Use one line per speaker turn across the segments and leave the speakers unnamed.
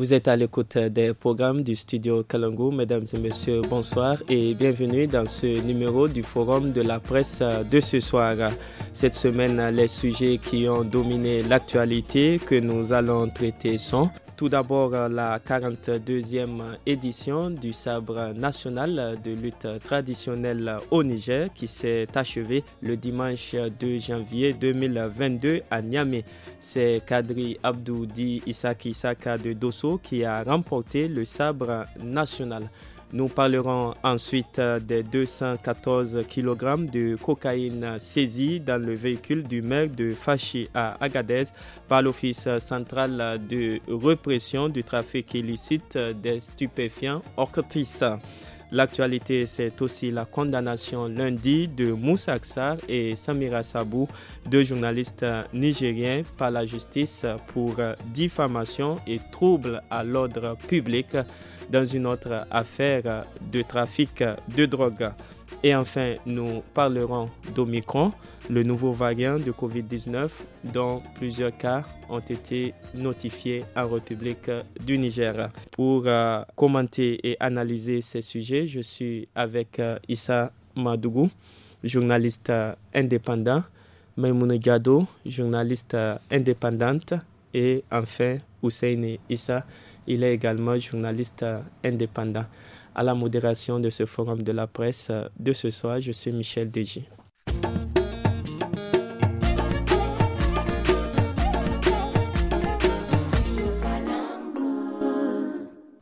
Vous êtes à l'écoute des programmes du studio Kalangu. Mesdames et messieurs, bonsoir et bienvenue dans ce numéro du Forum de la presse de ce soir. Cette semaine, les sujets qui ont dominé l'actualité que nous allons traiter sont tout d'abord la 42e édition du sabre national de lutte traditionnelle au Niger qui s'est achevée le dimanche 2 janvier 2022 à Niamey. C'est Kadri Abdoudi Isaki Saka de Dosso qui a remporté le sabre national. Nous parlerons ensuite euh, des 214 kg de cocaïne saisie dans le véhicule du maire de Fachi à Agadez par l'Office central de répression du trafic illicite des stupéfiants Ortis. L'actualité, c'est aussi la condamnation lundi de Moussa Aksar et Samira Sabou, deux journalistes nigériens, par la justice pour diffamation et trouble à l'ordre public dans une autre affaire de trafic de drogue. Et enfin, nous parlerons d'Omicron, le nouveau variant de COVID-19 dont plusieurs cas ont été notifiés en République du Niger. Pour euh, commenter et analyser ces sujets, je suis avec euh, Issa Madougou, journaliste euh, indépendant, Maimouna Gado, journaliste indépendante, et enfin Hussein Issa, il est également journaliste indépendant à la modération de ce forum de la presse de ce soir. Je suis Michel Deji.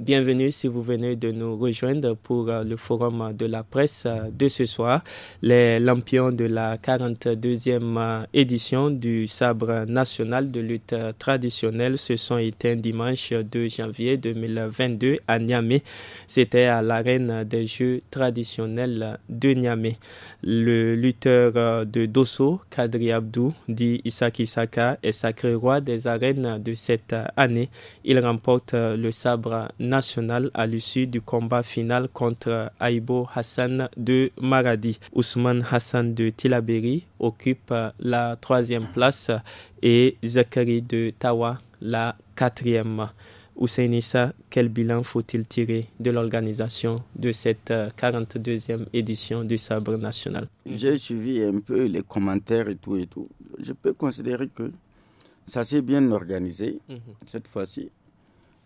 bienvenue si vous venez de nous rejoindre pour euh, le forum de la presse euh, de ce soir, les lampions de la 42e euh, édition du sabre national de lutte traditionnelle se sont éteints dimanche 2 janvier 2022 à Niamey. C'était à l'arène des jeux traditionnels de Niamey. Le lutteur de Dosso, Kadri Abdou, dit Isaki Saka, est sacré roi des arènes de cette année. Il remporte le sabre national à l'issue du combat final contre Aibo Hassan de Maradi. Ousmane Hassan de Tilaberi occupe la troisième place et Zachary de Tawa la quatrième. Ousseinissa, quel bilan faut-il tirer de l'organisation de cette 42e édition du Sabre national
J'ai suivi un peu les commentaires et tout et tout. Je peux considérer que ça s'est bien organisé mhm. cette fois-ci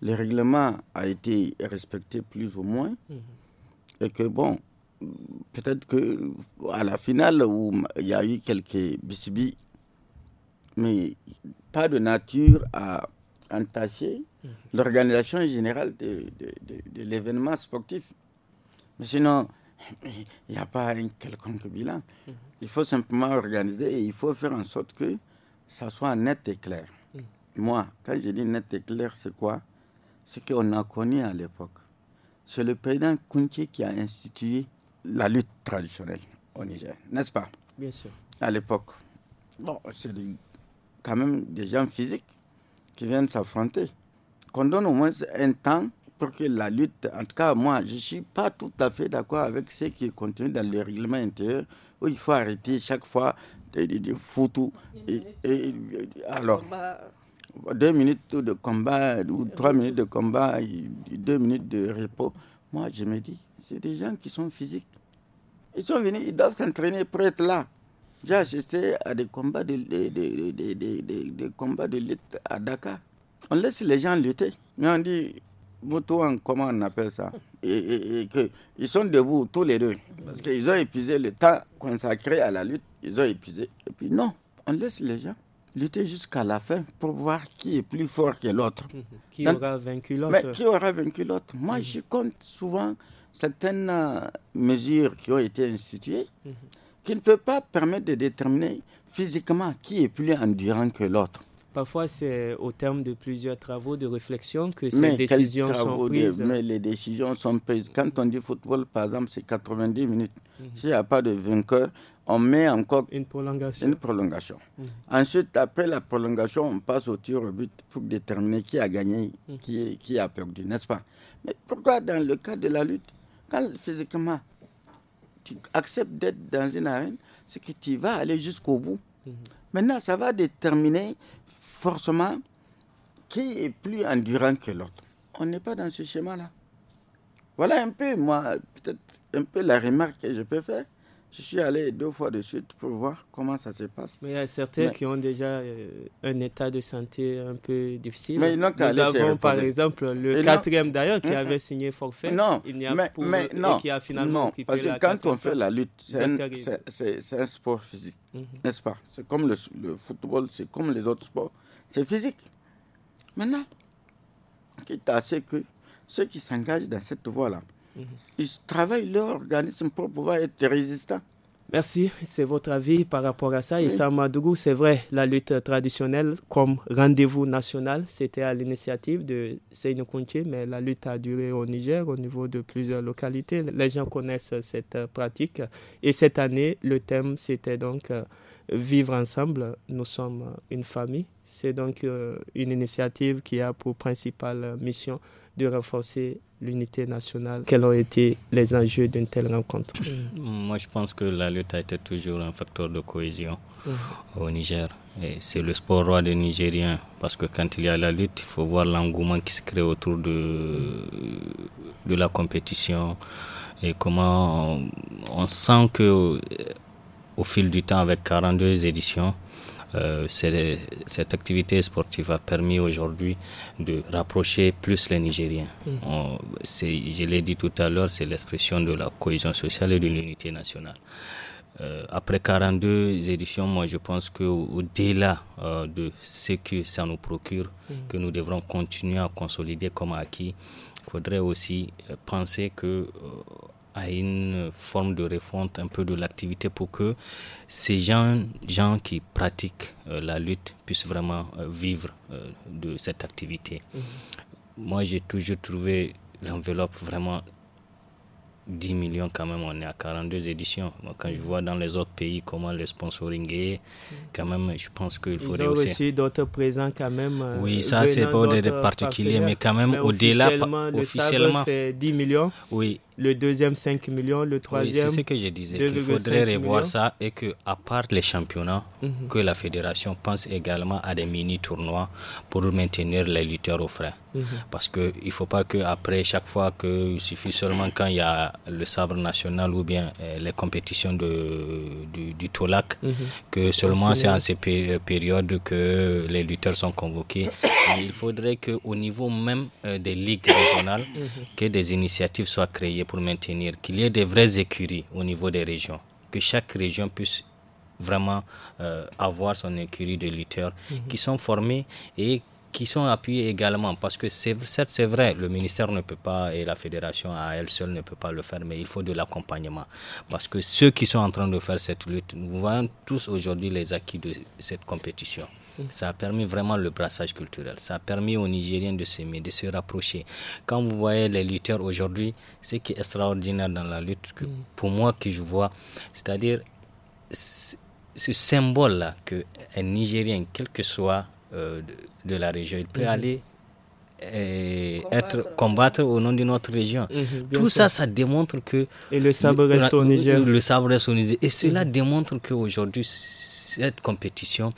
le règlement a été respecté plus ou moins.
Mm-hmm.
Et que bon, peut-être que à la finale où il y a eu quelques bisbis, mais pas de nature à entacher mm-hmm. l'organisation générale de, de, l'événement sportif. Mais sinon, il n'y a pas un quelconque bilan. Mm-hmm. Il faut simplement organiser et il faut faire en sorte que ça soit net et clair. Moi, quand je dis net et clair, c'est quoi ce qu'on a connu à l'époque. C'est le président Kunti qui a institué la lutte traditionnelle au Niger, n'est-ce pas Bien sûr. À l'époque. Bon, c'est quand même des gens physiques qui viennent s'affronter. Qu'on donne au moins un temps pour que la lutte, en tout cas moi, je ne suis pas tout à fait d'accord avec ce qui est contenu dans le règlement intérieur, où il faut arrêter chaque fois de foutre... et, alors, bah, deux minutes de combat ou trois minutes de combat, deux minutes de repos. Moi, je me dis, c'est des gens qui sont physiques. Ils sont venus, ils doivent s'entraîner pour être là. J'ai assisté à des combats de, de, de, de combats de lutte à Dakar. On laisse les gens lutter. Mais on dit, Moutouan, comment on appelle ça et, que, Ils sont debout tous les deux. Parce qu'ils ont épuisé le temps consacré à la lutte. Ils ont épuisé. Et puis non, on laisse les gens lutter jusqu'à la fin pour voir qui est plus fort que l'autre. Hum, hum. Qui, hein? aura vaincu l'autre Mais qui aura vaincu l'autre Moi, hum. je compte souvent certaines euh, mesures qui ont été instituées qui ne peuvent pas permettre de déterminer physiquement qui est plus endurant que l'autre.
Parfois, c'est au terme de plusieurs travaux de réflexion que ces décisions sont prises. mais
les décisions sont prises. Quand on dit football, par exemple, c'est 90 minutes. Mhm. S'il n'y a pas de vainqueur, on met encore une prolongation. Mhm. Ensuite, après la prolongation, on passe au tir au but pour déterminer qui a gagné, mhm. qui, qui a perdu, n'est-ce pas Mais pourquoi dans le cas de la lutte, quand physiquement tu acceptes d'être dans une arène, c'est que tu vas aller jusqu'au bout. Maintenant, ça va déterminer forcément, qui est plus endurant que l'autre On n'est pas dans ce schéma-là. Voilà un peu, moi, peut-être un peu la remarque que je peux faire. Je suis allé deux fois de suite pour voir comment ça se passe.
Mais il y a certains qui ont déjà euh, un état de santé un peu difficile. Nous avons par exemple le quatrième d'ailleurs qui hein, avait hein. signé forfait. Non, il n'y a mais, finalement parce que quand on fait la lutte, c'est
un, sport physique, mhm. n'est-ce pas C'est comme le football, c'est comme les autres sports. C'est physique. Maintenant, quitte à ce que ceux qui s'engagent dans
cette voie-là,
mhm.
ils travaillent leur organisme pour pouvoir être résistants.
Merci, c'est votre avis par rapport à ça. Et ça, Madougou, c'est vrai, la lutte traditionnelle comme rendez-vous national, c'était à l'initiative de Seyno Kounché, mais la lutte a duré au Niger, au niveau de plusieurs localités. Les gens connaissent cette pratique. Et cette année, le thème, c'était donc euh, vivre ensemble, nous sommes une famille. C'est donc euh, une initiative qui a pour principale euh, mission de renforcer l'unité nationale. Quels ont été les enjeux d'une telle rencontre mmh.
Moi, je pense que la lutte a été toujours un facteur de cohésion mmh. au Niger. c'est le sport roi des Nigériens, parce que quand il y a la lutte, il faut voir l'engouement qui se crée autour de, la compétition et comment on, on sent que au fil du temps, avec 42 éditions, euh, cette activité sportive a permis aujourd'hui de rapprocher plus les Nigériens. Mm. je l'ai dit tout à l'heure, c'est l'expression de la cohésion sociale et de l'unité nationale. Euh, après 42 éditions, moi je pense que au-delà euh, de ce que ça nous procure, mm. que nous devrons continuer à consolider comme acquis, il faudrait aussi penser que à une forme de refonte un peu de l'activité pour que ces gens, gens qui pratiquent euh, la lutte puissent vraiment euh, vivre euh, de cette activité. Mhm. Moi, j'ai toujours trouvé l'enveloppe vraiment 10 millions quand même, on est à 42 éditions. quand je vois dans les autres pays comment le sponsoring est, mhm. quand même, je pense qu'il faudrait aussi. aussi
d'autres présents quand même. Oui, ça, c'est pas des particuliers, mais quand même, au-delà, officiellement, officiellement c'est 10 millions. Oui, le deuxième 5 millions, le troisième. Oui, c'est ce que je disais, qu'il faudrait revoir ça
et que, à part les championnats, mhm. que la fédération pense également à des mini-tournois pour maintenir les lutteurs au frais. Mhm. Parce qu'il ne faut pas que après chaque fois que, suffit seulement quand il y a le sabre national ou bien euh, les compétitions de, du, Tolac, mhm. que seulement c'est en ces euh, périodes que les lutteurs sont convoqués. il faudrait qu'au niveau même euh, des ligues régionales, que des initiatives soient créées pour maintenir, qu'il y ait des vraies écuries au niveau des régions, que chaque région puisse vraiment euh, avoir son écurie de lutteurs mhm. qui sont formés et qui sont appuyés également, parce que c'est, c'est vrai, le ministère ne peut pas et la fédération à elle seule ne peut pas le faire, mais il faut de l'accompagnement. Parce que ceux qui sont en train de faire cette lutte, nous voyons tous aujourd'hui les acquis de cette compétition. Ça a permis vraiment le brassage culturel. Ça a permis aux Nigériens de s'aimer, de se rapprocher. Quand vous voyez les lutteurs aujourd'hui, ce qui est extraordinaire dans la lutte, pour moi que je vois, c'est-à-dire ce symbole-là qu'un Nigérien, quel que soit euh, de, la région, il peut mhm. aller et eh, combattre. être combattre au nom de notre région. Mhm, Tout ça, ça démontre que et le sabre reste au Niger. Le Et cela mhm. démontre qu'aujourd'hui cette compétition,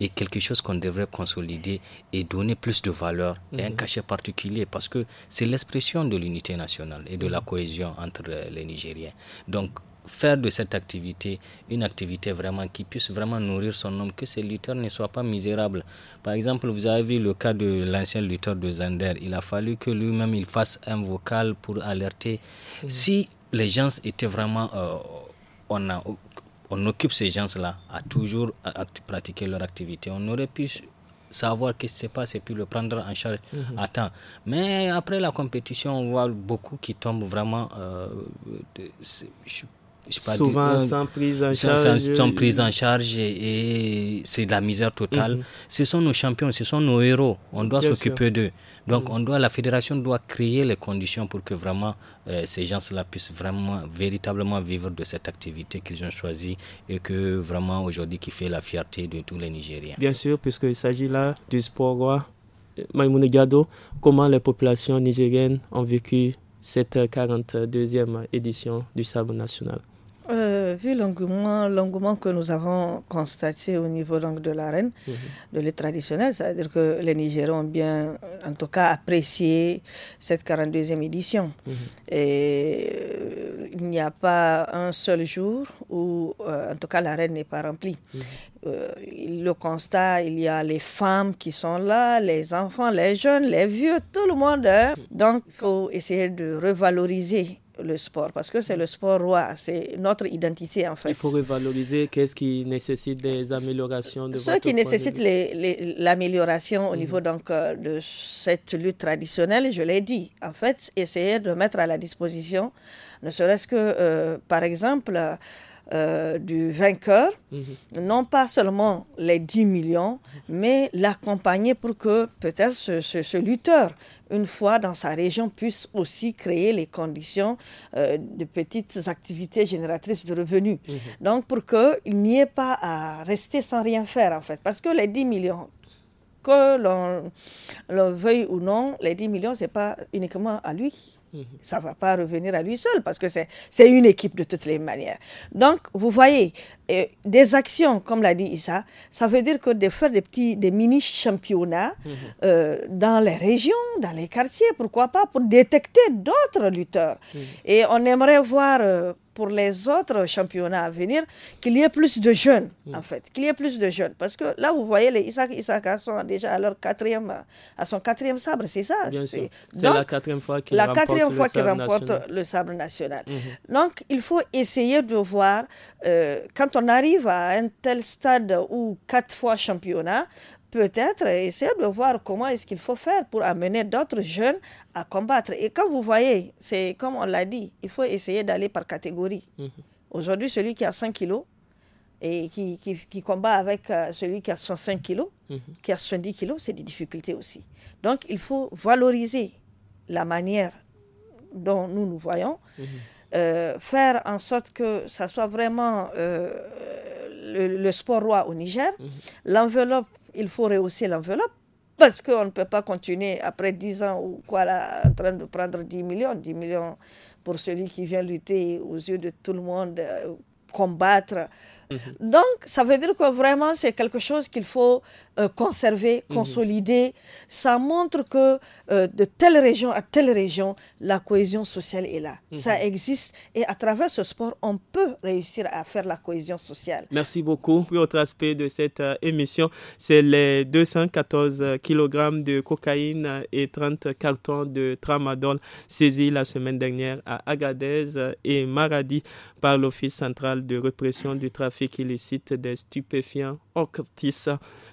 est quelque chose qu'on devrait consolider et donner plus de valeur et un mhm. cachet particulier parce que c'est l'expression de l'unité nationale et de la cohésion entre euh, les Nigériens. Donc, faire de cette activité une activité vraiment qui puisse vraiment nourrir son homme, que ces lutteurs ne soient pas misérables. Par exemple, vous avez vu le cas de l'ancien lutteur de Zander. Il a fallu que lui-même il fasse un vocal pour alerter. Mhm. Si les gens étaient vraiment... Euh, on a on occupe ces gens-là à toujours pratiquer leur activité. On aurait pu savoir ce qui se passe et puis le prendre en charge mhm. à temps. Mais après la compétition, on voit beaucoup qui tombent vraiment, euh, Souvent sans prise en charge. et, c'est de la misère totale. Mm-hmm. Ce sont nos champions, ce sont nos héros. On doit s'occuper d'eux. Donc mm-hmm. on doit, la fédération doit créer les conditions pour que vraiment euh, ces gens-là puissent vraiment, véritablement vivre de cette activité qu'ils ont choisie et que vraiment aujourd'hui qui fait la fierté de tous les Nigériens.
Bien sûr, puisqu'il s'agit là du sport roi. Maïmoune Gado, comment les populations nigériennes ont vécu cette 42e édition du Sabre national
euh, vu l'engouement, que nous avons constaté au niveau donc, de l'arène, reine mhm. de l'île traditionnel, c'est-à-dire que les Nigériens ont bien, en tout cas, apprécié cette 42e édition. Mhm. Et euh, il n'y a pas un seul jour où, euh, en tout cas, l'arène n'est pas remplie. Mhm. le constat, il y a les femmes qui sont là, les enfants, les jeunes, les vieux, tout le monde. Hein. Donc, il faut essayer de revaloriser le sport parce que c'est le sport roi, c'est notre identité en fait. Il faut
valoriser, qu'est-ce qui nécessite des améliorations de Ce qui nécessite
l'amélioration au niveau mhm. donc euh, de cette lutte traditionnelle, je l'ai dit. En fait, essayer de mettre à la disposition, ne serait-ce que euh, par exemple euh, du vainqueur, mhm. non pas seulement les 10 millions, mais l'accompagner pour que peut-être ce lutteur une fois dans sa région, puisse aussi créer les conditions euh, de petites activités génératrices de revenus. Mhm. Donc, pour qu'il n'y ait pas à rester sans rien faire, en fait. Parce que les 10 millions, que l'on veuille ou non, les 10 millions, ce n'est pas uniquement à lui. Ça ne va pas revenir à lui seul parce que c'est une équipe de toutes les manières. Donc, vous voyez, euh, des actions, comme l'a dit Issa, ça veut dire que de faire des petits, des mini-championnats mhm. euh, dans les régions, dans les quartiers, pourquoi pas, pour détecter d'autres lutteurs. Mhm. Et on aimerait voir euh, pour les autres championnats à venir qu'il y ait plus de jeunes, mhm. en fait, qu'il y ait plus de jeunes. Parce que là, vous voyez, les Issa sont déjà à leur quatrième, à son quatrième sabre, c'est ça. Bien C'est la
quatrième fois qu'il remporte fois qu'il remporte
le sabre national. Mhm. Donc, il faut essayer de voir, euh, quand on arrive à un tel stade où quatre fois championnat, peut-être essayer de voir comment est-ce qu'il faut faire pour amener d'autres jeunes à combattre. Et quand vous voyez, c'est comme on l'a dit, il faut essayer d'aller par catégorie. Mhm. Aujourd'hui, celui qui a 5 kilos et qui, qui, combat avec euh, celui qui a 105 kilos, mhm. qui a 70 kilos, c'est des difficultés aussi. Donc, il faut valoriser la manière dont nous nous voyons, mhm. euh, faire en sorte que ça soit vraiment euh, le, sport roi au Niger. Mhm. L'enveloppe, il faut rehausser l'enveloppe parce qu'on ne peut pas continuer après 10 ans ou quoi là, en train de prendre 10 millions, 10 millions pour celui qui vient lutter aux yeux de tout le monde, euh, combattre Mhm. Donc, ça veut dire que vraiment, c'est quelque chose qu'il faut euh, conserver, mhm. consolider. Ça montre que euh, de telle région à telle région, la cohésion sociale est là. Mhm. Ça existe et à travers ce sport, on peut réussir à faire la cohésion sociale.
Merci beaucoup. Puis, autre aspect de cette euh, émission, c'est les 214 kg de cocaïne et 30 cartons de tramadol saisis la semaine dernière à Agadez et Maradi par l'Office central de répression du trafic qui licite des stupéfiants au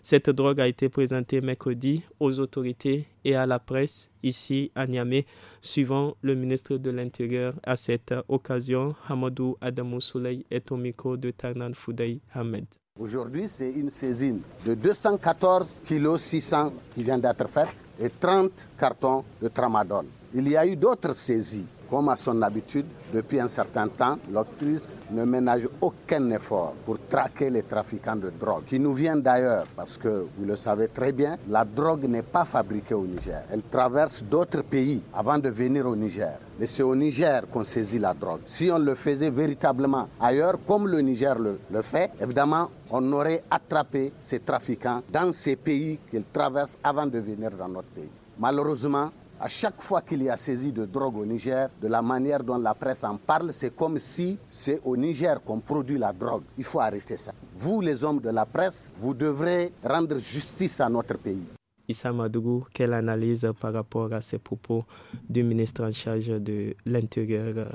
Cette drogue a été présentée mercredi aux autorités et à la presse ici à Niamey, suivant le ministre de l'Intérieur. À cette occasion, Hamadou Adamou souley et Tomiko de Tarnan Foudaï Ahmed.
Aujourd'hui, c'est une saisine de 214 kg 600 qui vient d'être faite et 30 cartons de tramadol. Il y a eu d'autres saisies comme à son habitude, depuis un certain temps, l'octrice ne ménage aucun effort pour traquer les trafiquants de drogue, qui nous viennent d'ailleurs, parce que vous le savez très bien, la drogue n'est pas fabriquée au Niger. Elle traverse d'autres pays avant de venir au Niger. Mais c'est au Niger qu'on saisit la drogue. Si on le faisait véritablement ailleurs, comme le Niger le, le fait, évidemment, on aurait attrapé ces trafiquants dans ces pays qu'ils traversent avant de venir dans notre pays. Malheureusement, à chaque fois qu'il y a saisi de drogue au Niger, de la manière dont la presse en parle, c'est comme si c'est au Niger qu'on produit la drogue. Il faut arrêter ça. Vous, les hommes de la presse, vous devrez rendre justice à notre pays.
Issa Madougou, quelle analyse par rapport à ces propos du ministre en charge de l'Intérieur euh,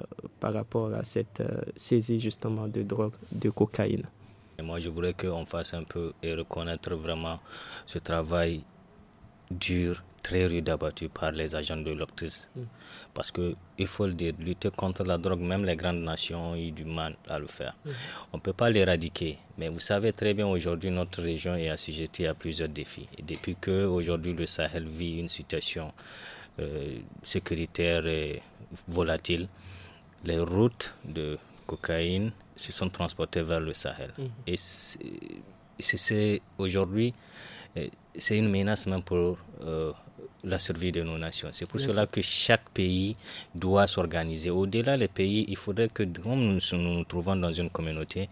par rapport à cette euh, saisie justement de drogue, de cocaïne
Moi, je voudrais qu'on fasse un peu et reconnaître vraiment ce travail dur très rude abattu par les agents de l'Octus. Mm. Parce que, il faut le dire, lutter contre la drogue, même les grandes nations ont eu du mal à le faire. Mm. On ne peut pas l'éradiquer. Mais vous savez très bien, aujourd'hui, notre région est assujettie à plusieurs défis. Et depuis que aujourd'hui le Sahel vit une situation euh, sécuritaire et volatile, les routes de cocaïne se sont transportées vers le Sahel. Mm. Et c'est aujourd'hui, euh, c'est une menace même pour euh, la survie de nos nations. C'est pour cela que chaque pays doit s'organiser. Au-delà des pays, il faudrait que, nous nous trouvons dans une communauté,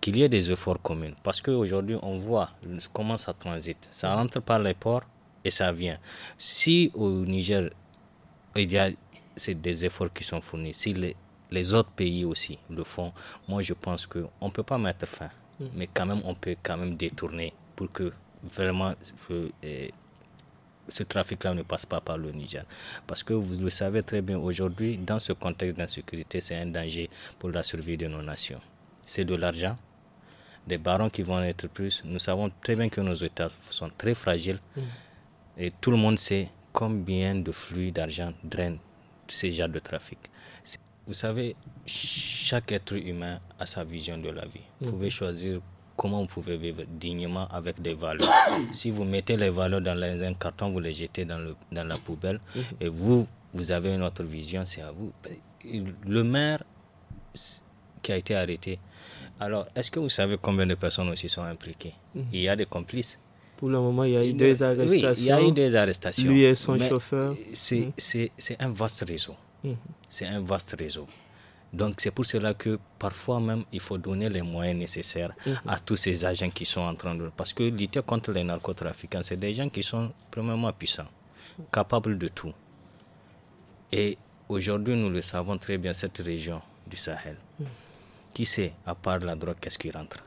qu'il y ait des efforts communs. Parce qu'aujourd'hui, on voit comment ça transite. Ça rentre mm. par les ports et ça vient. Si au Niger, il y a des efforts qui sont fournis, si les, autres pays aussi le font, moi je pense qu'on ne peut pas mettre fin. Mm. Mais quand même, on peut quand même détourner pour que vraiment... Euh, ce trafic-là ne passe pas par le Niger. Parce que vous le savez très bien, aujourd'hui, dans ce contexte d'insécurité, c'est un danger pour la survie de nos nations. C'est de l'argent, des barons qui vont être plus. Nous savons très bien que nos États sont très fragiles mm. et tout le monde sait combien de flux d'argent drainent ces genres de trafic. Vous savez, chaque être humain a sa vision de la vie. Vous mm. pouvez choisir comment vous pouvez vivre dignement avec des valeurs. si vous mettez les valeurs dans un carton, vous les jetez dans, le, dans la poubelle mm-hmm. et vous, vous avez une autre vision, c'est à vous. Le maire qui a été arrêté, alors est-ce que vous savez combien de personnes aussi sont impliquées mm-hmm. Il y a des complices.
Pour le moment, il y a eu des arrestations. Oui, il y a eu des arrestations. Lui et son chauffeur. Mm-hmm.
C'est un vaste réseau. C'est un vaste réseau. Donc c'est pour cela que parfois même il faut donner les moyens nécessaires mhm. à tous ces agents qui sont en train de... Parce que lutter contre les narcotrafiquants, c'est des gens qui sont premièrement puissants, mhm. capables de tout. Et aujourd'hui, nous le savons très bien, cette région du Sahel, mhm. qui sait, à part la drogue, qu'est-ce qui rentre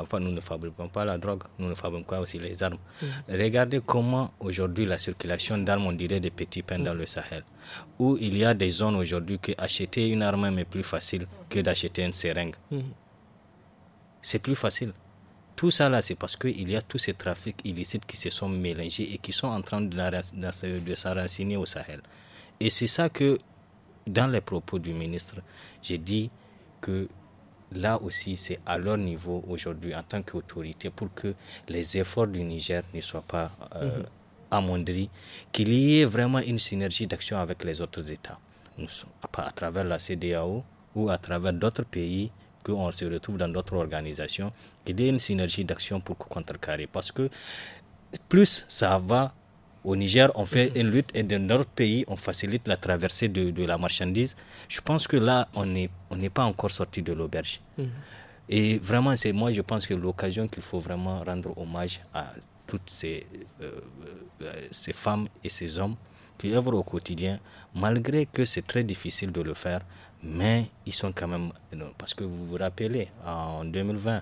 Enfin, nous ne fabriquons pas la drogue, nous ne fabriquons pas aussi les armes. Mm. Regardez comment aujourd'hui la circulation d'armes, on dirait des petits pains dans le Sahel, où il y a des zones aujourd'hui que acheter une arme est plus facile que d'acheter une seringue. Mm. C'est plus facile. Tout ça là, c'est parce qu'il y a tous ces trafics illicites qui se sont mélangés et qui sont en train de, de s'enraciner au Sahel. Et c'est ça que, dans les propos du ministre, j'ai dit que là aussi, c'est à leur niveau aujourd'hui en tant qu'autorité pour que les efforts du Niger ne soient pas euh, mhm. amondris, qu'il y ait vraiment une synergie d'action avec les autres États, Nous, à travers la CDAO ou à travers d'autres pays qu'on se retrouve dans d'autres organisations, qu'il y ait une synergie d'action pour contrecarrer. Parce que plus ça va, au Niger, on fait mhm. une lutte et dans notre pays, on facilite la traversée de, la marchandise. Je pense que là, on n'est on pas encore sorti de l'auberge. Mhm. Et vraiment, c'est moi, je pense que l'occasion qu'il faut vraiment rendre hommage à toutes ces, euh, euh, ces femmes et ces hommes qui œuvrent au quotidien, malgré que c'est très difficile de le faire, mais ils sont quand même... Euh, parce que vous vous rappelez, en 2020,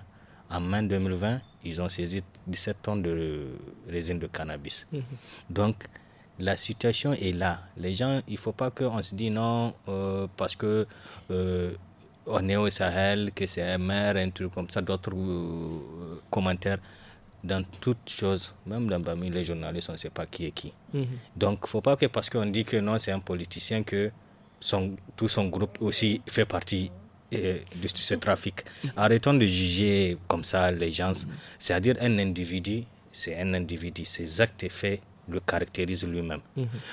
en mai 2020, ils ont saisi 17 tonnes de résine de cannabis. Mhm. Donc, la situation est là. Les gens, il ne faut pas qu'on se dise non euh, parce que euh, on est au Sahel, que c'est un maire, un truc comme ça, d'autres euh, commentaires. Dans toutes choses, même dans parmi les journalistes, on ne sait pas qui est qui. Mhm. Donc, il ne faut pas que parce qu'on dit que non, c'est un politicien, que son, tout son groupe aussi fait partie de, ce trafic. Arrêtons de juger comme ça les gens. C'est-à-dire un individu, c'est un individu, ses actes et faits le caractérisent lui-même.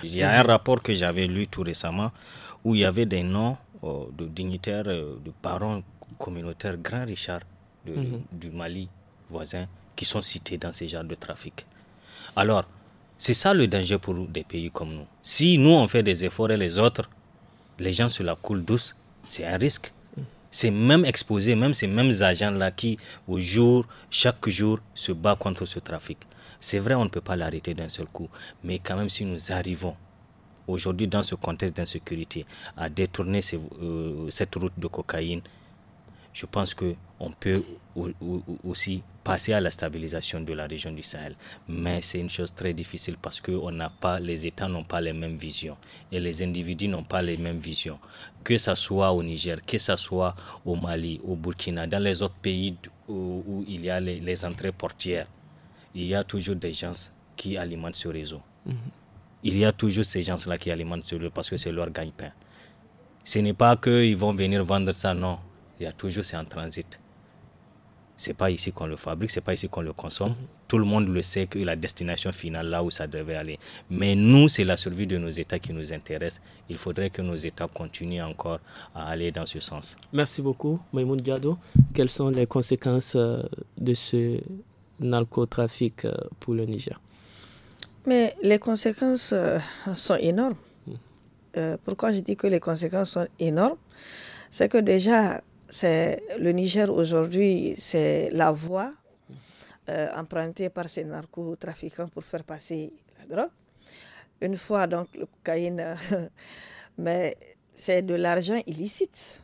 Il y a un rapport que j'avais lu tout récemment où il y avait des noms euh, de dignitaires, euh, de parents communautaires, Grand Richard du Mali voisin, qui sont cités dans ces genres de trafic. Alors, c'est ça le danger pour des pays comme nous. Si nous on fait des efforts et les autres, les gens se la coule douce, c'est un risque. C'est même exposé, même ces mêmes agents-là qui, au jour, chaque jour, se battent contre ce trafic. C'est vrai, on ne peut pas l'arrêter d'un seul coup, mais quand même, si nous arrivons aujourd'hui dans ce contexte d'insécurité à détourner euh, cette route de cocaïne, je pense qu'on peut aussi passer à la stabilisation de la région du Sahel. Mais c'est une chose très difficile parce que on n'a pas, les États n'ont pas les mêmes visions et les individus n'ont pas les mêmes visions. Que ce soit au Niger, que ce soit au Mali, au Burkina, dans les autres pays où, il y a les, entrées portières, il y a toujours des gens qui alimentent ce réseau. Mm-hmm. Il y a toujours ces gens-là qui alimentent ce réseau parce que c'est leur gagne-pain. Ce n'est pas qu'ils vont venir vendre ça, non il y a toujours, c'est en transit. C'est pas ici qu'on le fabrique, c'est pas ici qu'on le consomme. Tout le monde le sait que la destination finale, là où ça devait aller. Mais nous, c'est la survie de nos États qui nous intéresse. Il faudrait que nos États continuent encore à aller dans ce sens.
Merci beaucoup, Maïmoun Diado. Quelles sont les conséquences euh, de ce narcotrafic euh, pour le Niger
Mais les conséquences euh, sont énormes. Mm. Pourquoi je dis que les conséquences sont énormes C'est que déjà, c'est le Niger aujourd'hui, c'est la voie euh, empruntée par ces narcotrafiquants pour faire passer la drogue. Une fois donc le cocaïne, mais c'est de l'argent illicite.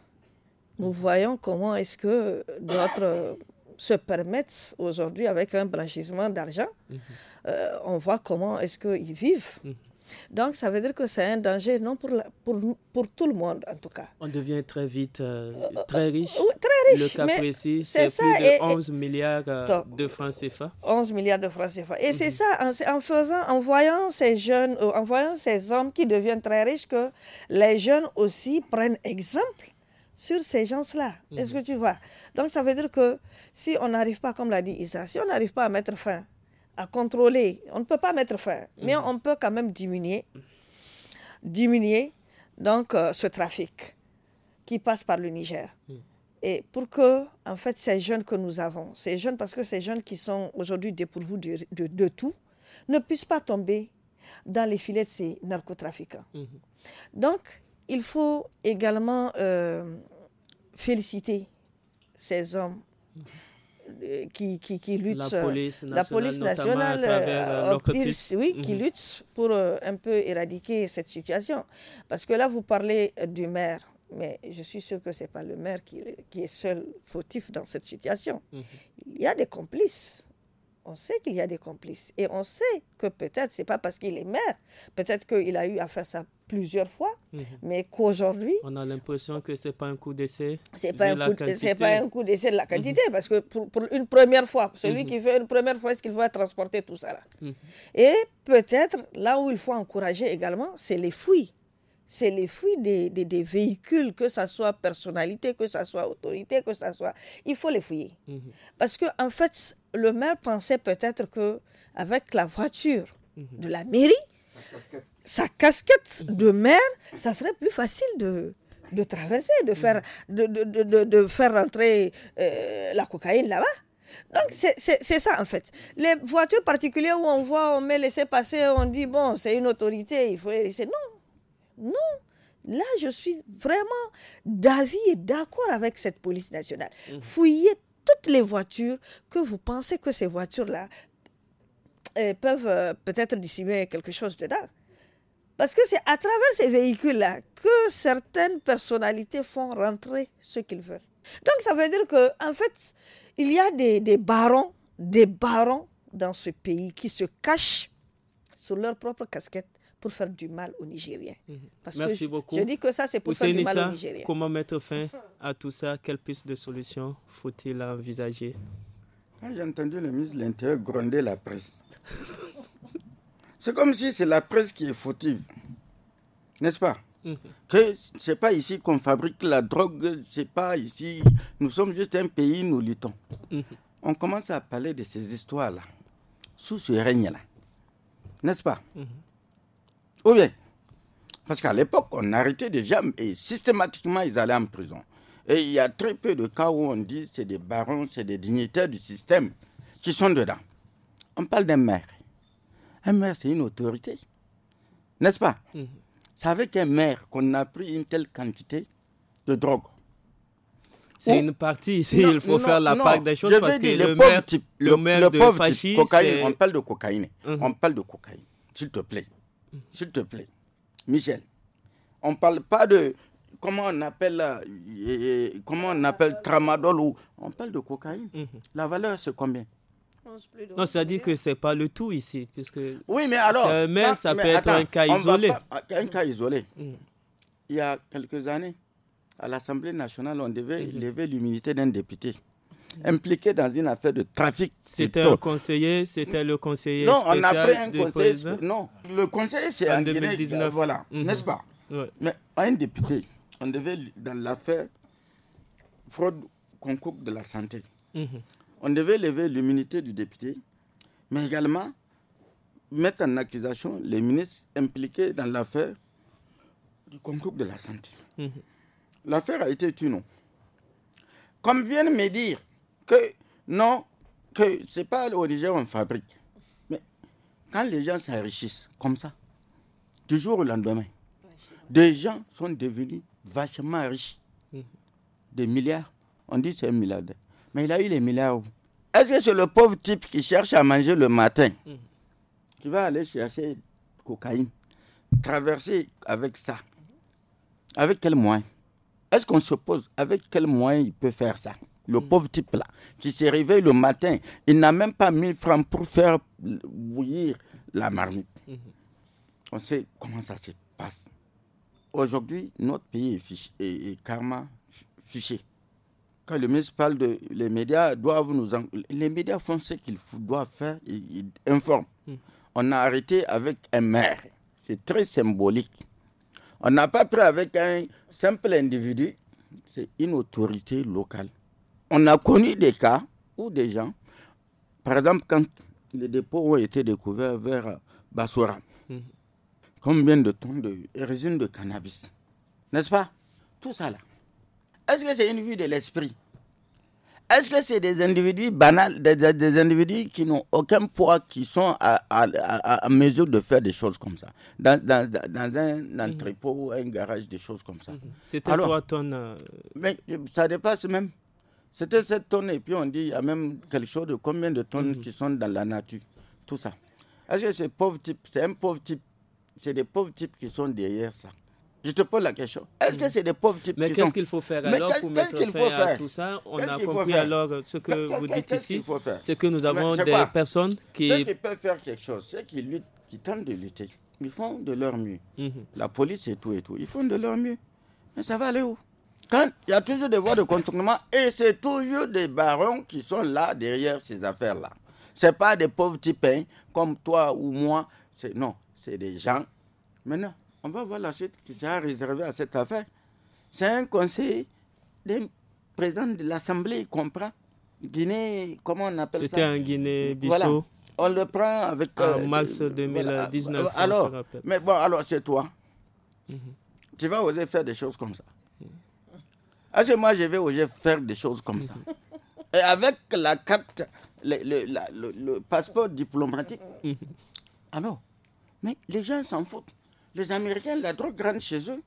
Nous voyons comment est-ce que d'autres se permettent aujourd'hui avec un blanchissement d'argent. Mhm. Euh, on voit comment est-ce qu'ils vivent. Mhm. Donc, ça veut dire que c'est un danger, non pour, tout le monde, en tout cas.
On devient très vite euh, euh, très riche. Euh, très riche. Le cas précis, c'est plus de et, 11 milliards de francs CFA.
11 milliards de francs CFA. Et c'est mhm. ça, en, faisant, en voyant ces jeunes, en voyant ces hommes qui deviennent très riches, que les jeunes aussi prennent exemple sur ces gens-là. Est-ce que mhm. tu vois Donc, ça veut dire que si on n'arrive pas, comme l'a dit Isa, si on n'arrive pas à mettre fin à contrôler. On ne peut pas mettre fin, mais mhm. on peut quand même diminuer, diminuer donc euh, ce trafic qui passe par le Niger. Mhm. Et pour que, en fait, ces jeunes que nous avons, ces jeunes, parce que ces jeunes qui sont aujourd'hui dépourvus de, tout, ne puissent pas tomber dans les filets de ces narcotrafiquants. Mhm. Donc, il faut également euh, féliciter ces hommes euh, qui, qui, qui lutte, euh, la police nationale, euh, oui, qui mhm. lutte pour un peu éradiquer cette situation. Parce que là, vous parlez du maire, mais je suis sûr que ce n'est pas le maire qui, qui, est seul fautif dans cette situation. Mhm. Il y a des complices on sait qu'il y a des complices. Et on sait que peut-être, c'est pas parce qu'il est maire, peut-être qu'il a eu à faire ça plusieurs fois, mhm. mais qu'aujourd'hui...
On a l'impression que c'est pas un coup d'essai. C'est pas, un coup, pas un
coup d'essai de la mhm. quantité, parce que pour, une première fois, celui mhm. qui fait une première fois, est-ce qu'il va transporter tout ça Et peut-être, là où il faut encourager également, c'est les fouilles c'est les fouilles des, véhicules, que ça soit personnalité, que ça soit autorité, que ça soit. Il faut les fouiller. Parce que, en fait, le maire pensait peut-être que avec la voiture mhm. de la mairie, sa casquette de maire, ça serait plus facile de, de traverser, de faire, de, de, de faire rentrer euh, la cocaïne là-bas. Donc c'est ça en fait. Les voitures particulières où on voit, on met laisser passer, on dit bon, c'est une autorité, il faut les laisser. Non, non. Là, je suis vraiment d'avis et d'accord avec cette police nationale. Mhm. Fouiller toutes les voitures que vous pensez que ces voitures-là euh, peuvent euh, peut-être dissimuler quelque chose dedans. Parce que c'est à travers ces véhicules-là que certaines personnalités font rentrer ce qu'ils veulent. Donc ça veut dire qu'en en fait, il y a des, des barons, des barons dans ce pays qui se cachent sous leur propre casquette pour faire du mal aux Nigériens. Mhm. Merci beaucoup. Je dis que ça, c'est pour faire du mal aux Nigériens.
Comment mettre fin à tout ça Quelle piste de solution faut-il envisager
J'ai entendu le ministre de l'Intérieur gronder la presse. c'est comme si c'est la presse qui est fautive. N'est-ce pas mhm. Que c'est pas ici qu'on fabrique la drogue, c'est pas ici. Nous sommes juste un pays, nous luttons. Mhm. On commence à parler de ces histoires-là, sous ce règne-là. N'est-ce pas oui, parce qu'à l'époque, on arrêtait des gens et systématiquement, ils allaient en prison. Et il y a très peu de cas où on dit c'est des barons, c'est des dignitaires du système qui sont dedans. On parle d'un maire. Un maire, c'est une autorité. N'est-ce pas Ça mhm. C'est avec maire qu'on a pris une telle quantité de drogue.
C'est une partie, il faut faire la part des choses parce que le, maire, type, le, maire de pauvre on
parle de cocaïne. Mhm. On parle de cocaïne, s'il te plaît s'il te plaît, Michel, on ne parle pas de. Comment on appelle, euh, euh, euh, comment on appelle tramadol ou on parle de cocaïne. Mhm. La valeur, c'est combien
non, c'est-à-dire que c'est pas le tout ici, puisque. Oui, mais alors.
mais ça peut être ah, un cas isolé. un cas isolé. Il y a quelques années, à l'Assemblée nationale, on devait mhm. lever l'immunité d'un député. Mm-hmm. impliqué dans une affaire de trafic. C'était un
conseiller, c'était le conseiller. Non, on a pris un conseiller. Non,
le conseiller, c'est en, en 2019. voilà, mm-hmm. n'est-ce pas Mais un député, on devait, dans l'affaire fraude concours de la santé, mm-hmm. on devait lever l'immunité du député, mais également mettre en accusation les ministres impliqués dans l'affaire du concours de la santé. L'affaire a été une. Comme viennent me dire que non, que c'est pas au Niger qu'on fabrique. Mais quand les gens s'enrichissent comme ça, toujours jour au lendemain, des gens sont devenus vachement riches. Mhm. Des milliards. On dit c'est un milliardaire. Mais il a eu les milliards. Est-ce que c'est le pauvre type qui cherche à manger le matin,
mhm. qui
va aller chercher cocaïne, traverser avec ça Avec quel moyen Est-ce qu'on se pose avec quel moyen il peut faire ça le mm. pauvre type là, qui s'est réveillé le matin, il n'a même pas mis francs pour faire bouillir la marmite. Mm-hmm. On sait comment ça se passe. Aujourd'hui, notre pays est, fiché, karma fiché. Quand le ministre parle de les médias doivent nous les médias font ce qu'ils doivent faire, ils, informent. Mm. On a arrêté avec un maire, c'est très symbolique. On n'a pas pris avec un simple individu, c'est une autorité locale on a connu des cas où des gens, par exemple, quand les dépôts ont été découverts vers Bassoura, mhm. combien de tonnes de résine de cannabis N'est-ce pas Tout ça là. Est-ce que c'est une vue de l'esprit Est-ce que c'est des individus banals, des, individus qui n'ont aucun poids, qui sont à, mesure de faire des choses comme ça Dans, un mhm. entrepôt ou un garage, des choses comme ça. C'était 3 tonnes. Mais ça dépasse même. C'était cette tonne, et puis on dit, il y a même quelque chose de combien de tonnes mhm. qui sont dans la nature, tout ça. Est-ce que c'est pauvres types, c'est un pauvre type, c'est des pauvres types qui sont derrière ça. Je te pose la question. Est-ce que mhm. c'est des
pauvres types Mais qu'est-ce qu'il faut faire alors pour mettre fin à tout ça On a compris alors ce
que vous dites ici, c'est que nous avons des personnes qui... Ceux qui peuvent faire quelque chose, ceux qui luttent, qui tentent de lutter, ils font de leur mieux. Mhm. La police et tout et tout, ils font de leur mieux. Mais ça va aller où il y a toujours des voies de contournement et c'est toujours des barons qui sont là derrière ces affaires-là. Ce n'est pas des pauvres types hein, comme toi ou moi. C'est, non, c'est des gens. Maintenant, on va voir la suite qui sera réservée à cette affaire. C'est un conseil d'un président de l'Assemblée, comprend. Guinée, comment on appelle ça C'était un Guinée-Bissau. On le prend avec. En euh, mars 2019. Euh, alors, mais bon, alors c'est toi. Mhm. Tu vas oser faire des choses comme ça. Parce que moi, je vais faire des choses comme ça. Et avec la carte, le, passeport diplomatique. Ah non. Mais les gens s'en foutent. Les Américains, la drogue grande chez eux,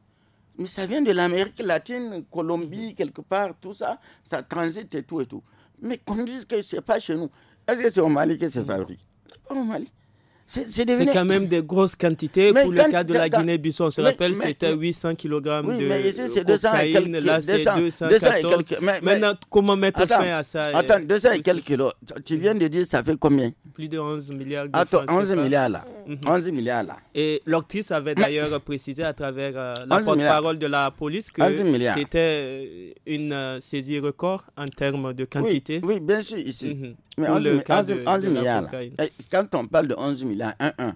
mais ça vient de l'Amérique latine, Colombie, quelque part, tout ça, ça transite et tout et tout. Mais qu'on dise que ce n'est pas chez nous. Est-ce que c'est au Mali que c'est fabriqué Pas au Mali. C'est quand même
des grosses quantités. pour le cas de la Guinée-Bissau, on se rappelle, c'était 800 kg de mais 200 et quelques, là, c'est 214. Maintenant, comment mettre fin à ça Attends, 200 euh, et
quelques kilos. Tu viens de dire, ça fait combien
Plus de 11 milliards de Attends, 11 milliards là. 11 mhm. milliards là. Et l'Octis avait d'ailleurs précisé à travers euh, la porte-parole de la police que c'était euh, une euh, saisie record en termes de quantité. Oui, bien sûr, ici. Mhm.
Mais 11, milliards eh, quand on parle de 11 milliards, 1, 1.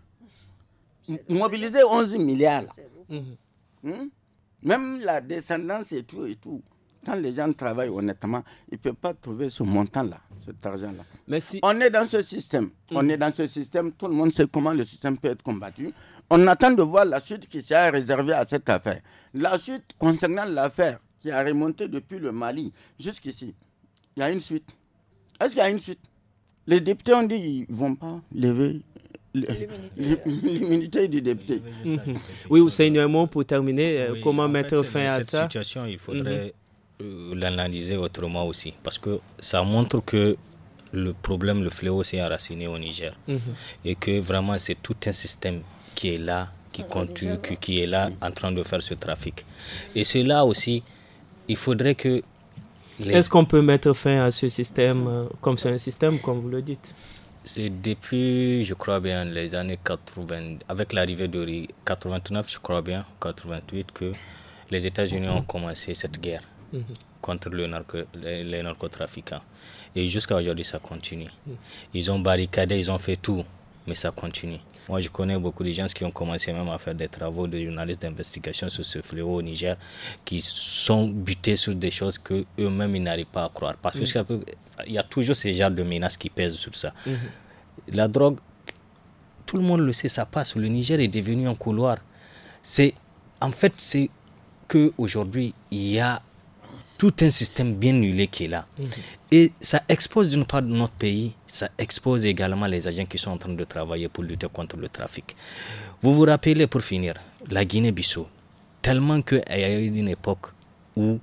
Mobiliser 11 milliards mhm. hmm? Même la descendance et tout et tout quand les gens travaillent honnêtement, ils ne peuvent pas trouver ce montant-là, cet argent-là. On est dans ce système. On mm. est dans ce système. Tout le monde sait comment le système peut être combattu. On attend de voir la suite qui sera réservée à cette affaire. La suite concernant l'affaire qui a remonté depuis le Mali jusqu'ici, il y a une suite. Est-ce qu'il y a une suite Les députés ont dit qu'ils ne vont pas lever l'immunité
du député. Oui, Hussein, un mot pour terminer. Euh, comment mettre fin à cette situation, il faudrait...
Mm-hmm. Euh, l'analyser autrement aussi. Parce que ça montre que le problème, le fléau s'est enraciné au Niger. Mhm. Et que vraiment, c'est tout un système qui est là, qui, continue, qui, est là en train de faire ce trafic. Et c'est là aussi, il faudrait que... Est-ce
qu'on peut mettre fin à ce système, euh, comme c'est un système, comme vous le dites
c'est depuis, je crois bien, les années 80, avec l'arrivée de 89, je crois bien, 88, que les États-Unis ont commencé cette guerre. Mhm. contre le les, narcotrafiquants. Et jusqu'à aujourd'hui, ça continue. Mhm. Ils ont barricadé, ils ont fait tout, mais ça continue. Moi, je connais beaucoup de gens qui ont commencé même à faire des travaux de journalistes d'investigation sur ce fléau au Niger, qui sont butés sur des choses que eux-mêmes ils n'arrivent pas à croire. Parce qu'il mhm. y a toujours ce genre de menaces qui pèsent sur ça. La drogue, tout le monde le sait, ça passe. Le Niger est devenu un couloir. C'est en fait c'est que aujourd'hui il y a tout un système bien nulé qui est là. Mhm. Et ça expose d'une part notre pays, ça expose également les agents qui sont en train de travailler pour lutter contre le trafic. Vous vous rappelez, pour finir, la Guinée-Bissau, tellement qu'il y a eu une époque où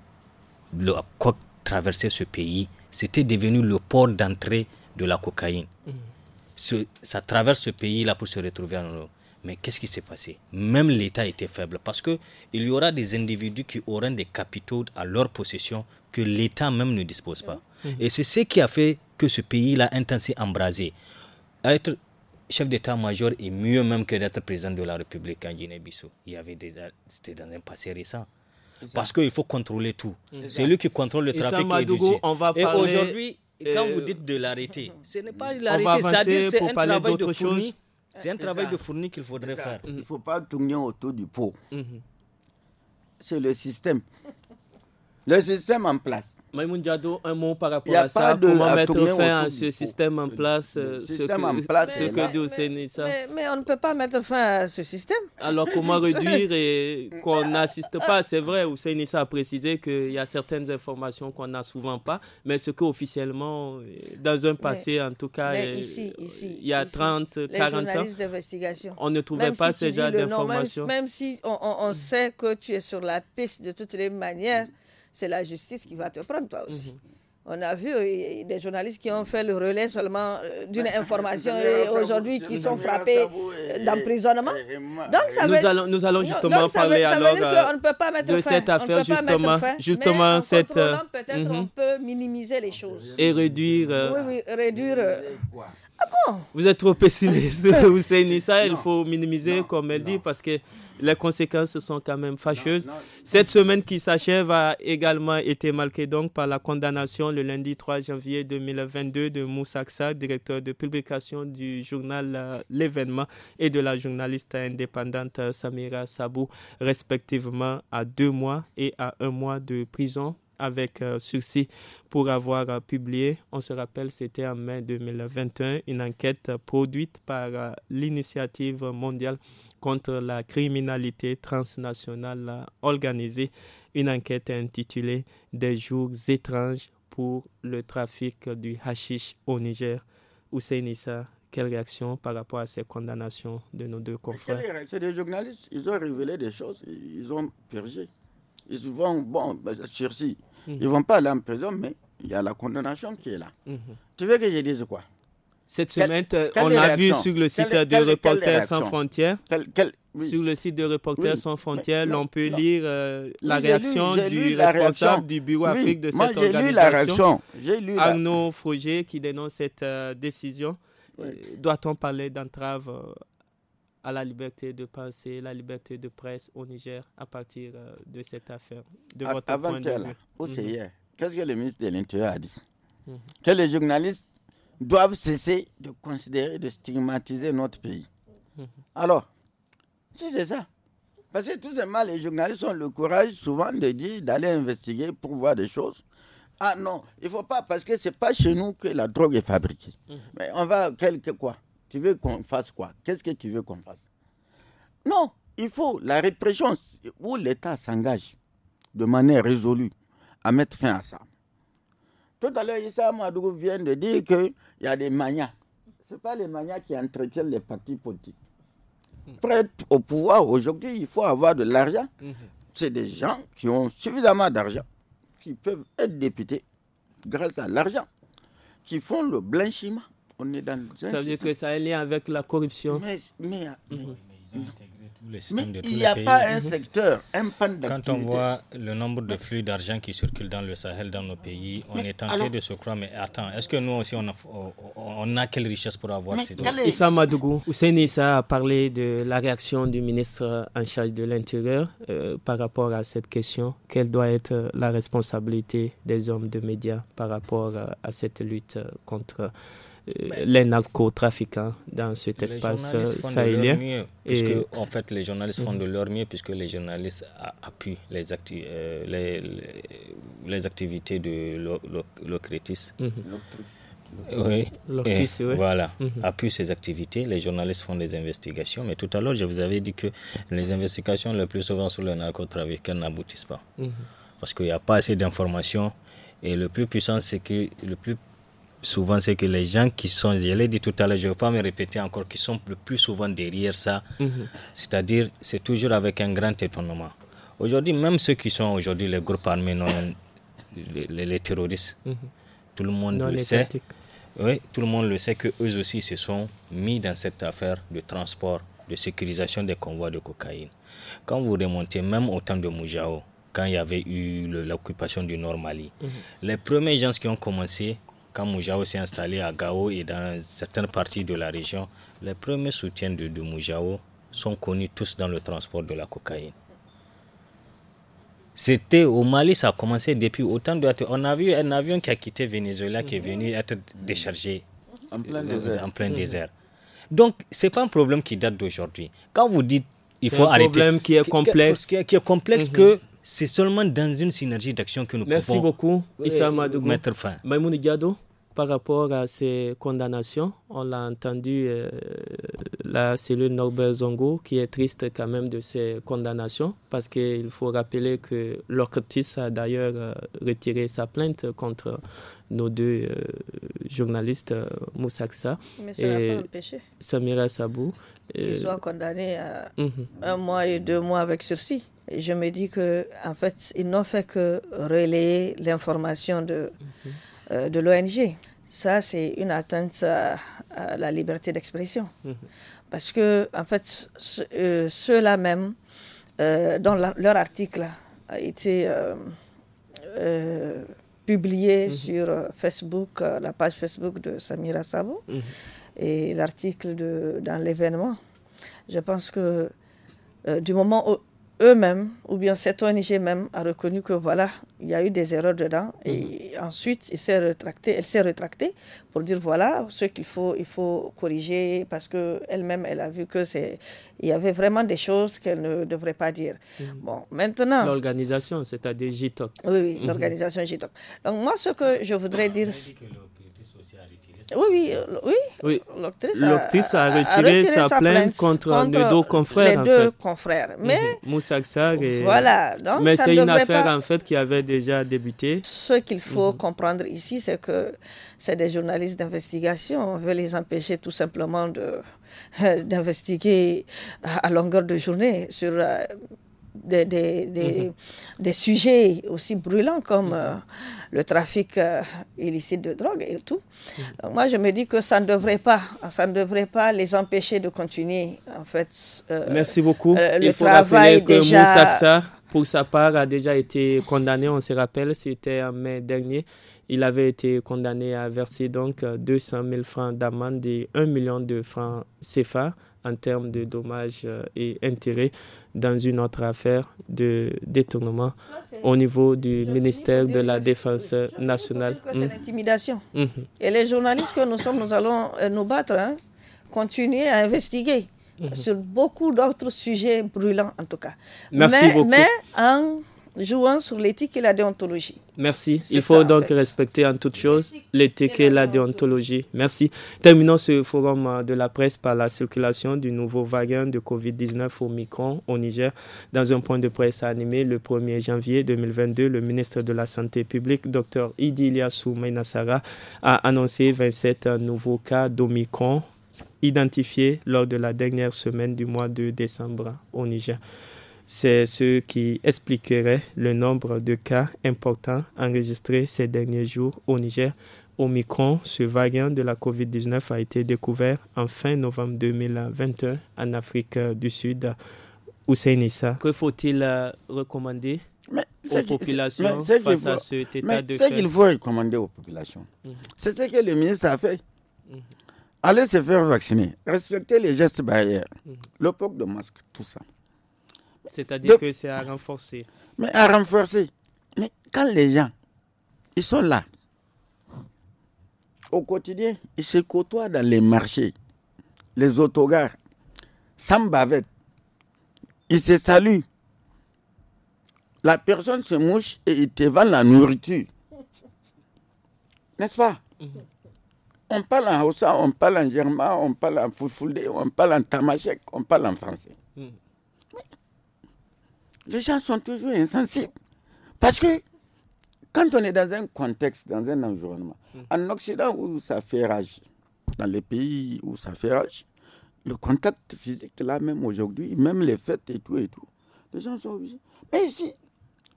le coq traversait ce pays, c'était devenu le port d'entrée de la cocaïne. Mhm. ça traverse ce pays-là pour se retrouver en Europe. Mais qu'est-ce qui s'est passé Même l'État était faible parce que il y aura des individus qui auront des capitaux à leur possession que l'État même ne dispose pas. Mhm. Et c'est ce qui a fait que ce pays l'a intensément embrasé. Être chef d'état-major est mieux même que d'être président de la République en hein, Guinée-Bissau. Il y avait c'était dans un passé récent. Parce qu'il faut contrôler tout. C'est lui qui contrôle le trafic et, on va et aujourd'hui, quand vous euh, dites de l'arrêter, ce n'est pas l'arrêter, cest un travail de fourmi. C'est un travail de
fourni qu'il faudrait faire. Il ne faut pas tourner autour du pot. Mhm. C'est le système.
Le système en place. Maïmoun Diado, un mot par rapport à ça. Comment mettre fin à ce système en place euh, Système en place. Ce que dit
Mais on ne peut pas mettre fin à ce système. Alors comment réduire et
qu'on n'assiste pas C'est vrai, au ça a précisé qu'il y a certaines informations qu'on n'a souvent pas, mais ce que officiellement, euh, dans un passé en tout cas, euh, il y a 30, 40 ans, on ne trouvait pas ces genre d'informations. Même
si on sait que tu es sur la piste de toutes les manières c'est la justice qui va te prendre toi aussi. Mhm. On a vu euh, des journalistes qui ont fait le relais seulement euh, d'une information et aujourd'hui qui sont frappés d'emprisonnement. Donc nous, allons, nous allons justement parler alors euh, de cette affaire justement, justement cette peut-être mhm. peut minimiser les choses et réduire. Oui oui réduire. Ah bon
Vous êtes trop pessimiste, savez Nissa. Il faut minimiser comme elle dit parce que les conséquences sont quand même fâcheuses. Cette semaine qui s'achève a également été marquée donc par la condamnation le lundi 3 janvier 2022 de Moussaxa, directeur de publication du journal euh, L'événement et de la journaliste indépendante euh, Samira Sabou, respectivement à deux mois et à un mois de prison avec euh, succès pour avoir euh, publié, on se rappelle, c'était en mai 2021, une enquête euh, produite par l'initiative mondiale contre la criminalité transnationale organisée, une enquête intitulée Des jours étranges pour le trafic du hashish au Niger. Hussein Issa, quelle réaction par rapport à ces condamnations de nos deux confrères
C'est des journalistes, ils ont révélé des choses, ils ont purgé. Ils souvent, bon, ben, sursis. Mhm. Ils ne vont pas aller en prison, mais il y a la condamnation qui est là. Mhm. Tu veux que je
dise quoi Cette semaine, on a vu sur le site de Reporters sans frontières. Sur le site de Reporters sans frontières, on peut lire euh, la réaction du responsable du bureau Afrique de cette Moi, j'ai Lu la réaction. Arnaud qui dénonce cette euh, décision. Euh, doit-on parler d'entrave à la liberté de penser, la liberté de presse au Niger à partir euh, de cette affaire. avant qu'est-ce
que le ministre de l'Intérieur a dit mhm. Que les journalistes doivent cesser de considérer, de stigmatiser notre pays. Mhm. Alors, si c'est ça, parce que tout simplement, les journalistes ont le courage souvent de dire, d'aller investiguer pour voir des choses. Ah non, il ne faut pas, parce que ce n'est pas chez nous que la drogue est fabriquée. Mhm. Mais on va quelque quoi tu veux qu'on fasse quoi Qu'est-ce que tu veux qu'on fasse Non, il faut la répression où l'État s'engage de manière résolue à mettre fin à ça. Tout à l'heure, Issa Madou vient de dire qu'il y a des manias. Ce pas les manias qui entretiennent les partis politiques. Hmm. Prêts au pouvoir aujourd'hui, il faut avoir de l'argent. Hmm. C'est des gens qui ont suffisamment d'argent, qui peuvent être députés grâce à l'argent, qui font le blanchiment ça veut dire que
ça a un lien avec la corruption. Mais,
il n'y a pas un mhm. secteur, un pan Quand on voit le nombre de flux d'argent qui circulent dans le Sahel, dans nos pays, on est tenté de se croire, mais attends, est-ce que nous aussi, on a, quelle richesse pour avoir ces droits Issa
Madougou, Hussein Nissa a parlé de la réaction du ministre en charge de l'Intérieur euh, par rapport à cette question. Quelle doit être la responsabilité des hommes de médias par rapport euh, à cette lutte euh, contre euh, les narcotrafiquants dans cet espace sahélien. Euh, mieux, puisque,
en fait, les journalistes font mhm. de leur mieux puisque les journalistes appuient euh, les, les, les, activités de l'Ocretis. Mhm. oui, oui. voilà, mhm. appuient ces activités. Les journalistes font des investigations, mais tout à l'heure, je vous avais dit que les investigations le plus souvent sur le narcotrafiquants n'aboutissent pas. Parce qu'il n'y a pas assez d'informations. Et le plus puissant, c'est que le plus souvent, c'est que les gens qui sont, je l'ai dit tout à l'heure, je ne vais pas me répéter encore, qui sont le plus souvent derrière ça, mhm. c'est-à-dire, c'est toujours avec un grand étonnement. Aujourd'hui, même ceux qui sont aujourd'hui les groupes armés, non, les, terroristes, mhm. tout le monde le sait. Oui, tout le monde le sait que eux aussi se sont mis dans cette affaire de transport, de sécurisation des convois de cocaïne. Quand vous remontez même au temps de Moujao, quand il y avait eu l'occupation du Nord Mali, mhm. les premiers gens qui ont commencé quand Moujao s'est installé à Gao et dans certaines parties de la région, les premiers soutiens de, Moujao sont connus tous dans le transport de la cocaïne. C'était au Mali, ça a commencé depuis autant de... On a vu un avion qui a quitté Venezuela, qui est mhm. venu être déchargé en plein euh, mhm. désert. Donc, ce n'est pas un problème qui date d'aujourd'hui. Quand vous dites il faut un problème qui est complexe. Qui est, complexe mhm. que c'est seulement dans une synergie d'action que nous Merci pouvons beaucoup, Issa Madougou. mettre
Diado, par rapport à ces condamnations, on l'a entendu, euh, la cellule Norbert Zongo, qui est triste quand même de ces condamnations, parce qu'il faut rappeler que l'Orcotis a d'ailleurs euh, retiré sa plainte contre nos deux euh, journalistes, Moussaksa et Samira Sabou. Qui sont
condamnés à mhm. un mois et deux mois avec sursis je me dis que en fait, ils n'ont fait que relayer l'information de, mhm. euh, de l'ONG. Ça, c'est une atteinte à, la liberté d'expression. Mhm. Parce que, en fait, euh, ceux-là même, euh, dont leur article a été euh, publié mhm. sur Facebook, la page Facebook de Samira Sabo, et l'article dans l'événement, je pense que du moment où eux-mêmes, ou bien cette ONG même, a reconnu que voilà, il y a eu des erreurs dedans. Et mhm. ensuite, s'est elle s'est retractée pour dire voilà, ce qu'il faut, il faut corriger, parce qu'elle-même, elle a vu que c'est, il y avait vraiment des choses qu'elle ne devrait pas dire. Mhm. Bon, maintenant.
L'organisation, c'est-à-dire JITOC. Oui, mhm. l'organisation
JITOC. Donc, moi, ce que je voudrais ah, dire. Oui, oui, euh, oui. L'octrice a, retiré sa, plainte, contre, les deux confrères. Mais,
Voilà. Mais c'est une affaire en fait qui avait déjà débuté. Ce qu'il faut mhm.
comprendre ici, c'est que c'est des journalistes d'investigation. On veut les empêcher tout simplement de d'investiguer à longueur de journée sur euh, des, mhm. des, sujets aussi brûlants comme mhm. euh, le trafic euh, illicite de drogue et tout. Mhm. moi, je me dis que ça ne devrait pas, ça ne devrait pas les empêcher de continuer, en fait. Euh, Merci beaucoup. Il faut rappeler que Moussa
pour sa part, a déjà été condamné, on se rappelle, c'était en mai dernier. Il avait été condamné à verser donc 200 000 francs d'amende et 1 million de francs CFA en termes de dommages euh, et intérêts dans une autre affaire de détournement au niveau du ministère de la Défense nationale. C'est hum.
l'intimidation. Hum. Et les journalistes que nous sommes, nous allons euh, nous battre, hein, continuer à investiguer hum. sur beaucoup d'autres sujets brûlants en tout cas. Merci beaucoup. Mais en jouant sur l'éthique et la déontologie.
Merci. Il faut donc respecter en toute chose l'éthique et la déontologie. Merci. Terminons ce forum euh, de la presse par la circulation du nouveau variant de COVID-19 au Micron au Niger. Dans un point de presse animé le 1er janvier 2022, le ministre de la Santé publique, Dr Idiliasou Ilyasou a annoncé 27 nouveaux cas d'Omicron identifiés lors de la dernière semaine du mois de décembre au Niger. C'est ce qui expliquerait le nombre de cas importants enregistrés ces derniers jours au Niger. Au Micron, ce variant de la COVID-19, a été découvert en fin novembre 2021 en Afrique du Sud. c'est Nissa. que faut-il euh, recommander aux populations face à cet état mais de Ce qu'il faut
recommander aux populations, mhm. c'est ce que le ministre a fait. Mhm. Allez se faire vacciner, respecter les gestes barrières, mhm. le port de masque, tout ça.
C'est-à-dire que c'est à renforcer.
Mais à renforcer. Mais quand les gens, ils sont là,
au quotidien,
ils se côtoient dans les marchés, les autogares, sans bavette. Ils se saluent. La personne se mouche et il te vend la nourriture. N'est-ce pas mhm. On parle en haussa, on parle en Germain, on parle en foufoudé, on parle en Tamashek, on parle en français. Mhm les gens sont toujours insensibles. Parce que quand on est dans un contexte, dans un environnement, hmm. en Occident où ça fait rage, dans les pays où ça fait rage, le contact physique, là même aujourd'hui, même les fêtes et tout et tout, les gens sont obligés. Mais ici,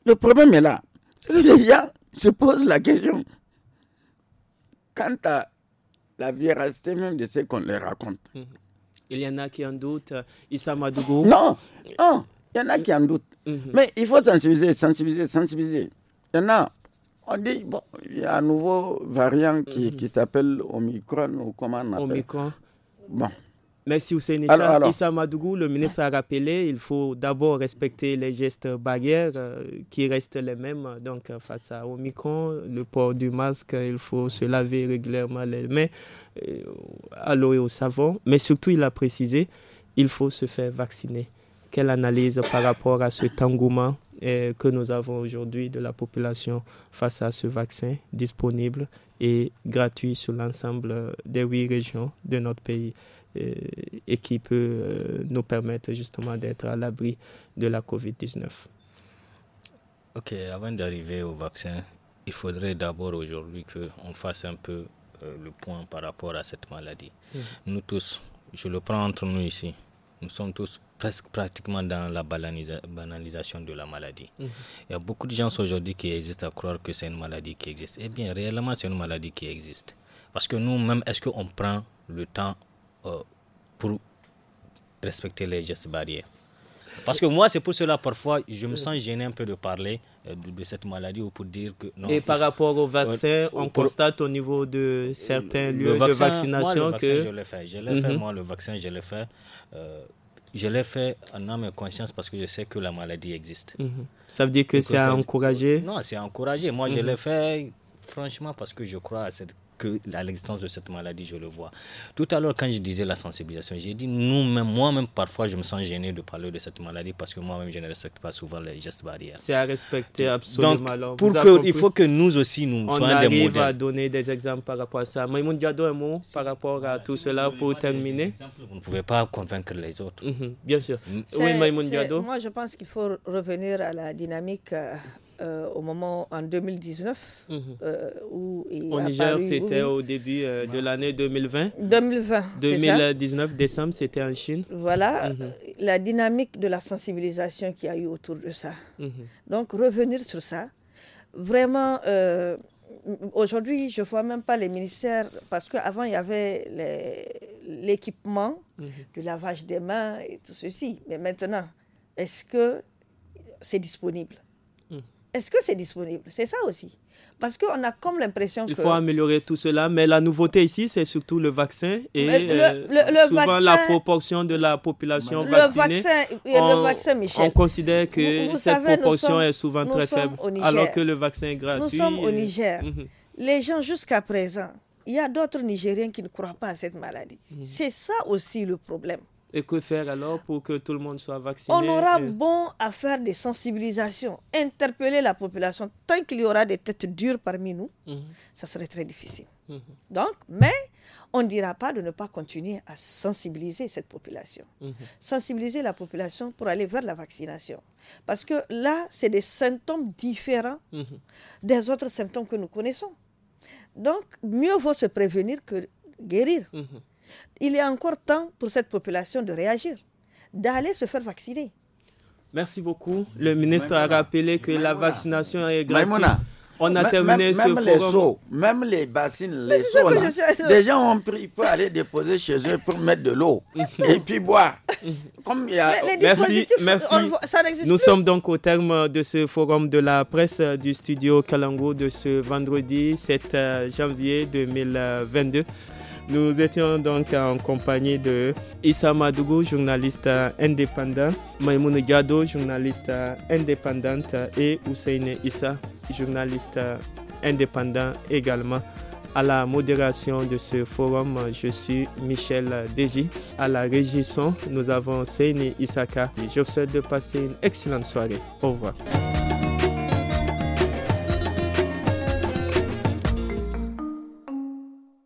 le problème est là. les gens se posent la question quant à la véracité même de ce qu'on leur raconte.
Hmm. Il y en a qui en doutent. Euh, Issa Madougou. Non,
non. Il y en a qui en doutent. Mm-hmm. Mais il faut sensibiliser, sensibiliser, sensibiliser. Il y en a, on dit, bon, il y a un nouveau variant qui, mm-hmm. qui s'appelle
Omicron, ou comment on appelle Omicron. Bon. Merci Hussein alors, Issa, Madougou. Le ministre a rappelé il faut d'abord respecter les gestes barrières euh, qui restent les mêmes. Donc, euh, face à Omicron, le port du masque, il faut se laver régulièrement les mains euh, à l'eau et au savon. Mais surtout, il a précisé il faut se faire vacciner quelle analyse par rapport à ce engouement eh, que nous avons aujourd'hui de la population face à ce vaccin disponible et gratuit sur l'ensemble des huit régions de notre pays eh, et qui peut euh, nous permettre justement d'être à l'abri de la COVID-19.
Ok, avant d'arriver au vaccin, il faudrait d'abord aujourd'hui qu'on fasse un peu euh, le point par rapport à cette maladie. Mmh. Nous tous, je le prends entre nous ici, nous sommes tous presque pratiquement dans la banalisation de la maladie. Mhm. Il y a beaucoup de gens aujourd'hui qui existent à croire que c'est une maladie qui existe. Eh bien, réellement, c'est une maladie qui existe. Parce que nous-mêmes, est-ce qu'on prend le temps euh, pour respecter les gestes barrières parce que moi, c'est pour cela, parfois, je me euh. sens gêné un peu de parler euh, de, cette maladie ou pour dire que non. Et par rapport au euh, vaccin, on constate
au niveau de certains lieux de vaccination moi, le que. Vaccin, je l'ai fait. Je l'ai fait, mhm. moi,
le vaccin, je l'ai fait. je l'ai fait en âme et conscience parce que je sais que la maladie existe. Mhm.
Ça veut dire que c'est à Non, c'est
encouragé. Moi, je mhm. l'ai fait Franchement, parce que je crois à cette que l'existence de cette maladie, je le vois. Tout à l'heure, quand je disais la sensibilisation, j'ai dit nous-mêmes, moi-même, parfois, je me sens gêné de parler de cette maladie parce que moi-même, je ne respecte pas souvent les gestes
barrières. C'est à respecter absolument.
Donc, pour il faut que nous aussi, nous soyons des modèles. On arrive à
donner des exemples par rapport à ça. Maïmoun Diado, un mot par rapport à ah, tout cela pour terminer. vous ne pouvez pas convaincre les autres. Mhm, bien sûr. Mm. Oui, Maïmoun Moi,
je pense qu'il faut revenir à la dynamique euh, euh, au moment en 2019. Mhm. Euh, où au Niger, c'était au
début euh, de l'année 2020. 2020. 2019, décembre, c'était en Chine.
Voilà mhm. la dynamique de la sensibilisation qui a eu autour de ça. Mhm. Donc, revenir sur ça, vraiment. Aujourd'hui, je vois même pas les ministères, parce qu'avant, il y avait l'équipement du lavage des mains et tout ceci. Mais maintenant, est-ce que c'est disponible est-ce que c'est disponible C'est ça aussi. Parce qu'on a comme l'impression que... Il faut
améliorer tout cela, mais la nouveauté ici, c'est surtout le vaccin et euh, souvent la proportion de la population vaccinée. Vaccin, on, le vaccin, Michel. On considère que cette proportion est souvent très faible, alors que le vaccin est gratuit. Nous sommes au Niger. Mhm.
Les gens jusqu'à présent, il y a d'autres Nigériens qui ne croient pas à cette maladie. Mhm. C'est ça aussi le problème.
Et que faire alors pour que tout le monde soit vacciné On aura bon
à faire des sensibilisations, interpeller la population. Tant qu'il y aura des têtes dures parmi nous, mhm. ça serait très difficile. Mhm. Donc, mais on ne dira pas de ne pas continuer à sensibiliser cette population. Mhm. Sensibiliser la population pour aller vers la vaccination. Parce que là, c'est des symptômes différents des autres symptômes que nous connaissons. Donc, mieux vaut se prévenir que guérir. Il est encore temps pour cette population de réagir, d'aller se faire vacciner.
Merci beaucoup. Le ministre a rappelé que la vaccination est gratuite. On a terminé même, ce forum. Les même les bassines, les eaux. des
gens
ont pris pour aller déposer chez eux pour mettre de l'eau et puis boire. Comme il y a...
les, les merci, merci. Nous sommes
donc au terme de ce forum de la presse du studio Kalango de ce vendredi 7 euh, janvier 2022. Nous étions donc en compagnie de Issa Madougou, journaliste indépendant, Maïmoune Diado, journaliste indépendante, et Hussein Issa, journaliste indépendant également. À la modération de ce forum, je suis Michel Deji. À la régisson, nous avons Seine Isaka. Je vous souhaite de passer une excellente soirée. Au revoir.